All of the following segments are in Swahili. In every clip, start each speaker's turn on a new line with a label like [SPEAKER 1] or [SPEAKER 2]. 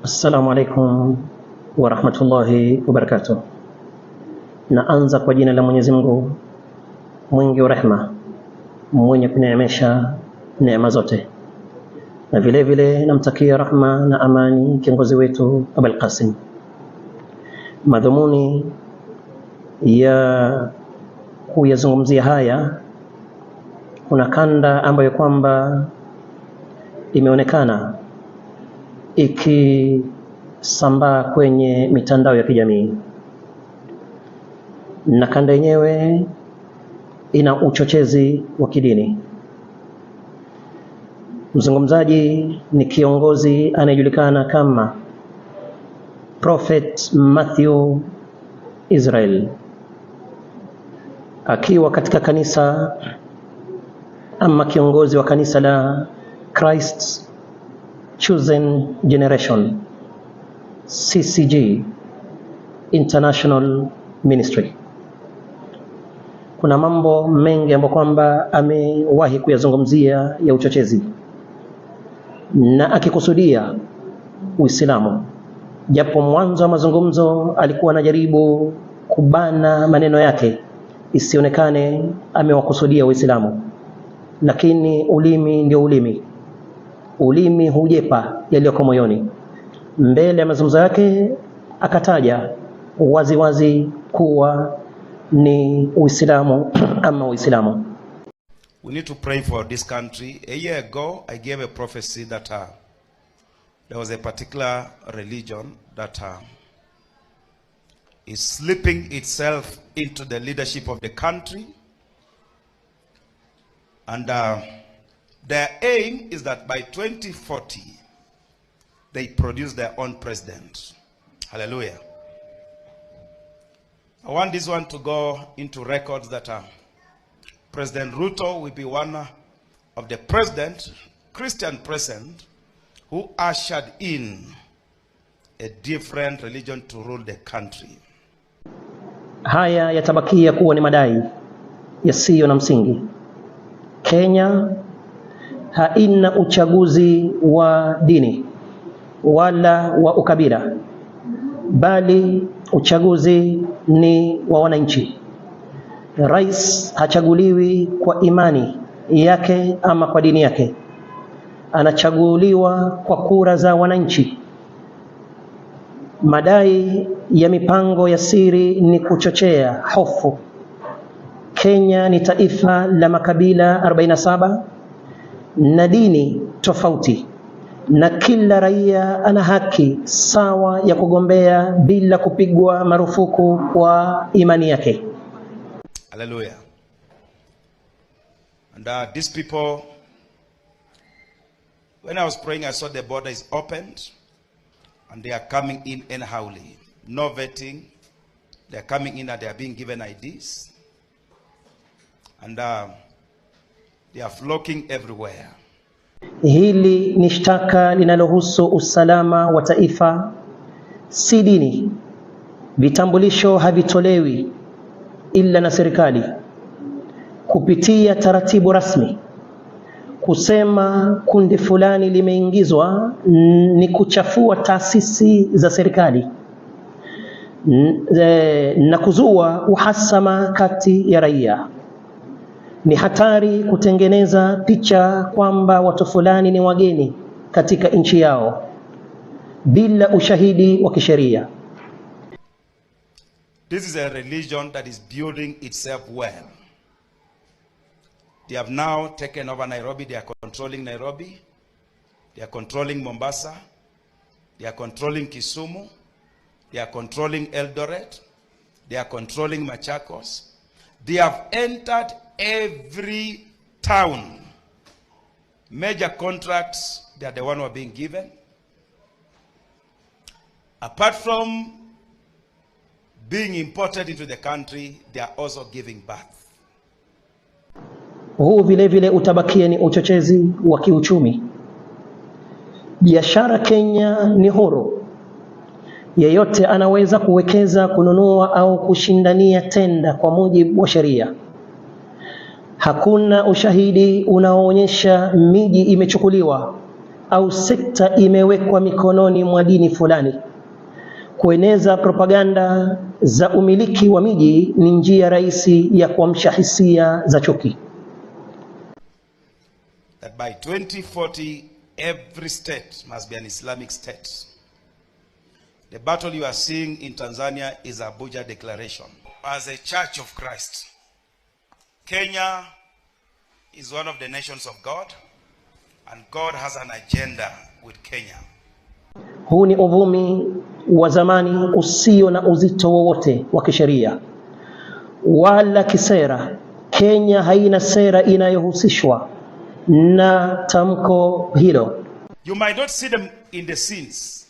[SPEAKER 1] Assalamu alaikum warahmatullahi wabarakatuh. Naanza kwa jina la Mwenyezi Mungu mwingi wa rehema, mwenye kuneemesha neema zote, na vile vile namtakia rahma na amani kiongozi wetu Abul Qasim. Madhumuni ya kuyazungumzia haya, kuna kanda ambayo kwamba imeonekana ikisambaa kwenye mitandao ya kijamii, na kanda yenyewe ina uchochezi wa kidini. Mzungumzaji ni kiongozi anayejulikana kama Prophet Matthew Israel akiwa katika kanisa ama kiongozi wa kanisa la Christ Chosen Generation CCG International Ministry. Kuna mambo mengi ambayo kwamba amewahi kuyazungumzia ya uchochezi na akikusudia Uislamu, japo mwanzo wa mazungumzo alikuwa anajaribu kubana maneno yake isionekane amewakusudia Uislamu, lakini ulimi ndio ulimi ulimi hujepa yaliyoko moyoni. Mbele ya mazungumzo yake akataja waziwazi wazi kuwa ni Uislamu ama Uislamu.
[SPEAKER 2] We need to pray for this country. A year ago, I gave a prophecy that uh, there was a particular religion that uh, is slipping itself into the leadership of the country and uh, Their aim is that by 2040, they produce their own president. Hallelujah. I want this one to go into records that uh, President Ruto will be one of the president, Christian president, who ushered in a different religion to rule the country.
[SPEAKER 1] Haya yatabakia kuwa ni madai yasiyo na msingi. Kenya haina uchaguzi wa dini wala wa ukabila, bali uchaguzi ni wa wananchi. Rais hachaguliwi kwa imani yake ama kwa dini yake, anachaguliwa kwa kura za wananchi. Madai ya mipango ya siri ni kuchochea hofu. Kenya ni taifa la makabila 47 na dini tofauti, na kila raia ana haki sawa ya kugombea bila kupigwa marufuku kwa imani yake.
[SPEAKER 2] Haleluya. And uh, these people, when I was praying, I saw the border is opened and they are coming in anyhowly. No vetting. They are coming in and they are being given IDs. And uh, They are flocking everywhere.
[SPEAKER 1] Hili ni shtaka linalohusu usalama wa taifa, si dini. Vitambulisho havitolewi ila na serikali kupitia taratibu rasmi. Kusema kundi fulani limeingizwa ni kuchafua taasisi za serikali eh, na kuzua uhasama kati ya raia. Ni hatari kutengeneza picha kwamba watu fulani ni wageni katika nchi yao bila ushahidi wa kisheria.
[SPEAKER 2] This is a religion that is building itself well. They have now taken over Nairobi, they are controlling Nairobi, they are controlling Mombasa, they are controlling Kisumu, they are controlling Eldoret, they are controlling Machakos. They have entered every town. Major contracts, they are the one who are being given. Apart from being imported into the country, they are also giving birth.
[SPEAKER 1] Huu vile vile utabakia ni uchochezi wa kiuchumi. Biashara Kenya ni huru yeyote anaweza kuwekeza, kununua au kushindania tenda kwa mujibu wa sheria. Hakuna ushahidi unaoonyesha miji imechukuliwa au sekta imewekwa mikononi mwa dini fulani. Kueneza propaganda za umiliki wa miji ni njia rahisi ya kuamsha hisia za chuki.
[SPEAKER 2] That by 2040 every state must be an Islamic state. The battle you are seeing in Tanzania is Abuja Declaration. As a church of Christ, Kenya is one of the nations of God and God has an agenda with Kenya.
[SPEAKER 1] Huu ni uvumi wa zamani usio na uzito wowote wa kisheria wala kisera. Kenya haina sera inayohusishwa na tamko hilo.
[SPEAKER 2] You might not see them in the scenes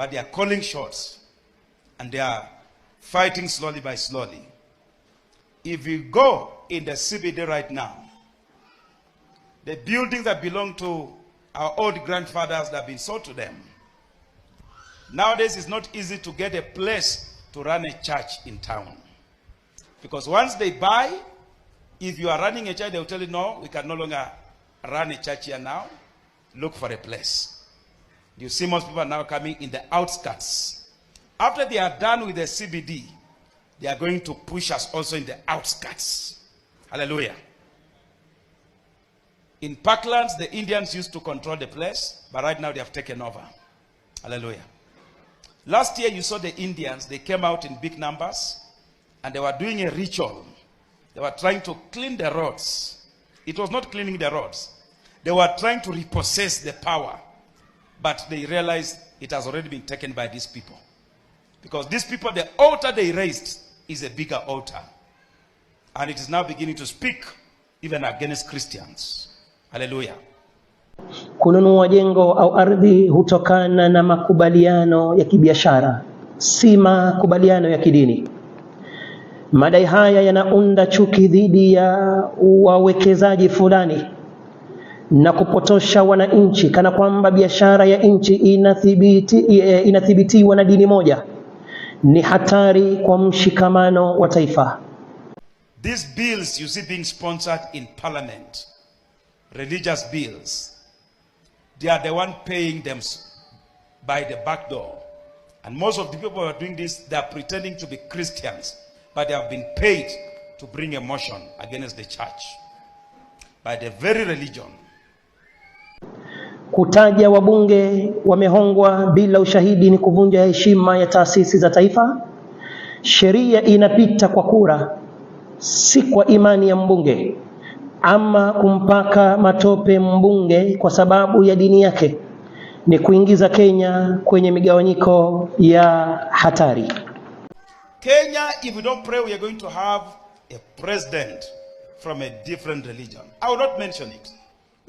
[SPEAKER 2] But they are calling shots and they are fighting slowly by slowly. If you go in the CBD right now, the buildings that belong to our old grandfathers that have been sold to them, nowadays it's not easy to get a place to run a church in town. Because once they buy, if you are running a church, they will tell you, no, we can no longer run a church here now. Look for a place. You see, most people are now coming in the outskirts. After they are done with the CBD, they are going to push us also in the outskirts. Hallelujah. In Parklands, the Indians used to control the place, but right now they have taken over. Hallelujah. Last year, you saw the Indians, they came out in big numbers and they were doing a ritual. They were trying to clean the roads. It was not cleaning the roads, they were trying to repossess the power But they realize it has already been taken by these people. Because these people, the altar they raised is a bigger altar. And it is now beginning to speak even against Christians. Hallelujah.
[SPEAKER 1] Kununua jengo au ardhi hutokana na makubaliano ya kibiashara, si makubaliano ya kidini. Madai haya yanaunda chuki dhidi ya wawekezaji fulani na kupotosha wananchi kana kwamba biashara ya nchi inathibiti, eh, inathibitiwa na dini moja ni hatari kwa mshikamano wa taifa.
[SPEAKER 2] These bills you see being sponsored in parliament, religious bills, they are the one paying them by the back door. And most of the people who are doing this, they are pretending to be Christians, but they have been paid to bring a motion against the church by the very religion
[SPEAKER 1] Kutaja wabunge wamehongwa bila ushahidi ni kuvunja heshima ya taasisi za taifa. Sheria inapita kwa kura, si kwa imani ya mbunge, ama kumpaka matope mbunge kwa sababu ya dini yake ni kuingiza Kenya kwenye migawanyiko ya hatari.
[SPEAKER 2] Kenya, if we don't pray, we are going to have a president from a different religion. I will not mention it.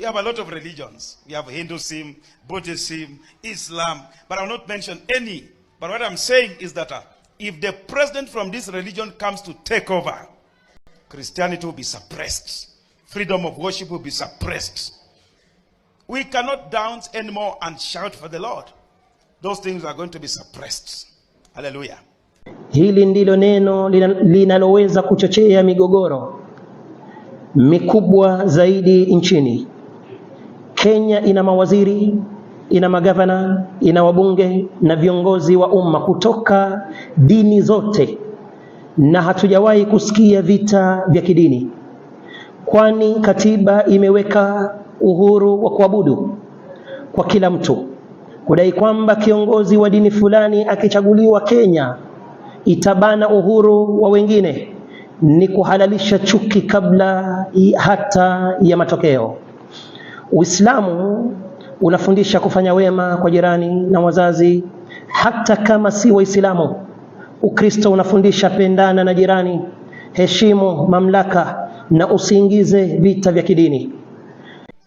[SPEAKER 2] We have a lot of religions. We have Hinduism, Buddhism, Islam, but I'll not mention any. But what I'm saying is that uh, if the president from this religion comes to take over, Christianity will be suppressed. Freedom of worship will be suppressed. We cannot dance anymore and shout for the Lord. Those things are going to be suppressed. Hallelujah.
[SPEAKER 1] Hili ndilo neno linaloweza kuchochea migogoro mikubwa zaidi nchini. Kenya ina mawaziri, ina magavana, ina wabunge na viongozi wa umma kutoka dini zote, na hatujawahi kusikia vita vya kidini, kwani katiba imeweka uhuru wa kuabudu kwa kila mtu, kudai kwamba kiongozi wa dini fulani akichaguliwa Kenya itabana uhuru wa wengine ni kuhalalisha chuki kabla hata ya matokeo. Uislamu unafundisha kufanya wema kwa jirani na wazazi hata kama si Waislamu. Ukristo unafundisha pendana na jirani, heshimu mamlaka na usiingize vita vya kidini.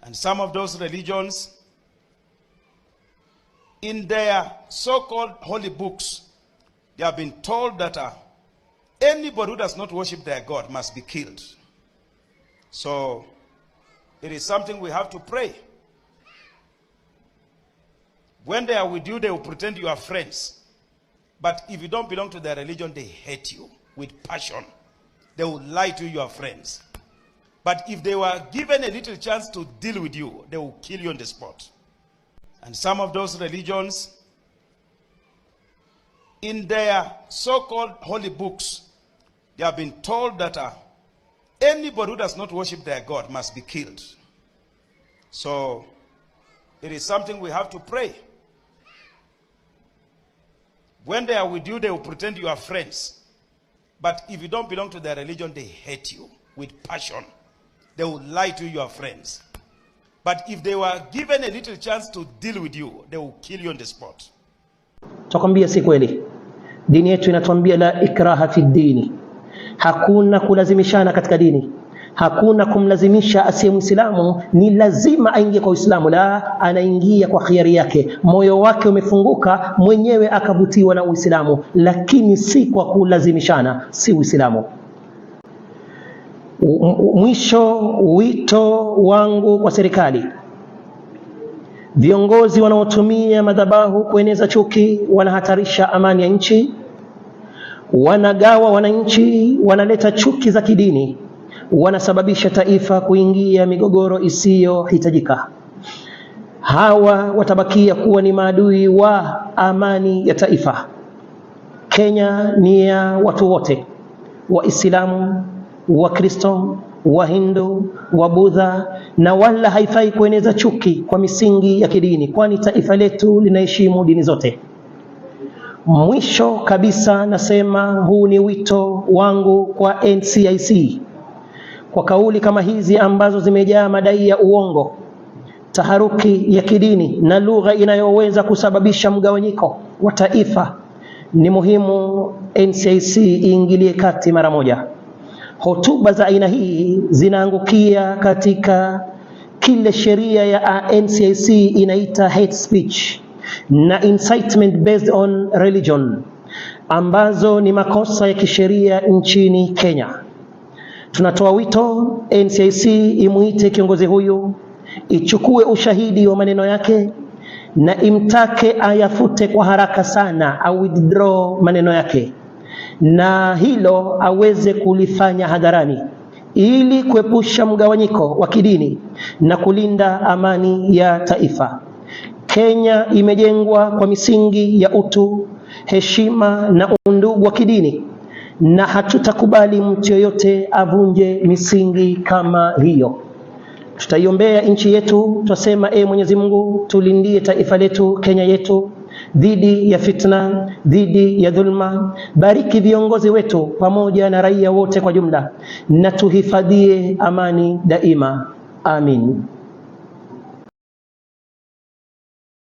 [SPEAKER 2] And some of those religions in their so-called holy books they have been told that uh, anybody who does not worship their God must be killed. So It is something we have to pray. When they are with you, they will pretend you are friends. But if you don't belong to their religion, they hate you with passion. They will lie to you are friends. But if they were given a little chance to deal with you, they will kill you on the spot. And some of those religions, in their so called holy books, they have been told that are Anybody who does not worship their God must be killed. So it is something we have to pray. When they are with you, they will pretend you are friends. But if you don't belong to their religion, they hate you with passion. They will lie to your friends. But if they were given a little chance to deal with you, they will kill you on the spot.
[SPEAKER 1] Tukwambia si kweli. Dini yetu inatuambia la ikraha fi dini. Hakuna kulazimishana katika dini, hakuna kumlazimisha asiye Muislamu ni lazima aingie kwa Uislamu. La, anaingia kwa khiari yake, moyo wake umefunguka mwenyewe akavutiwa na Uislamu, lakini si kwa kulazimishana, si Uislamu. Mwisho, wito wangu kwa serikali, viongozi wanaotumia madhabahu kueneza chuki wanahatarisha amani ya nchi wanagawa wananchi, wanaleta chuki za kidini, wanasababisha taifa kuingia migogoro isiyohitajika. Hawa watabakia kuwa ni maadui wa amani ya taifa. Kenya ni ya watu wote, Waislamu, Wakristo, Wahindu, Wabudha, na wala haifai kueneza chuki kwa misingi ya kidini, kwani taifa letu linaheshimu dini zote. Mwisho kabisa nasema huu ni wito wangu kwa NCIC. Kwa kauli kama hizi ambazo zimejaa madai ya uongo, taharuki ya kidini na lugha inayoweza kusababisha mgawanyiko wa taifa, ni muhimu NCIC iingilie kati mara moja. Hotuba za aina hii zinaangukia katika kile sheria ya NCIC inaita hate speech na incitement based on religion ambazo ni makosa ya kisheria nchini Kenya. Tunatoa wito NCIC imuite kiongozi huyu, ichukue ushahidi wa maneno yake na imtake ayafute kwa haraka sana, au withdraw maneno yake, na hilo aweze kulifanya hadharani ili kuepusha mgawanyiko wa kidini na kulinda amani ya taifa. Kenya imejengwa kwa misingi ya utu, heshima na undugu wa kidini, na hatutakubali mtu yoyote avunje misingi kama hiyo. Tutaiombea nchi yetu, twasema E Mwenyezi Mungu, tulindie taifa letu Kenya yetu dhidi ya fitna, dhidi ya dhulma. Bariki viongozi wetu pamoja na raia wote kwa jumla, na tuhifadhie amani daima. Amin.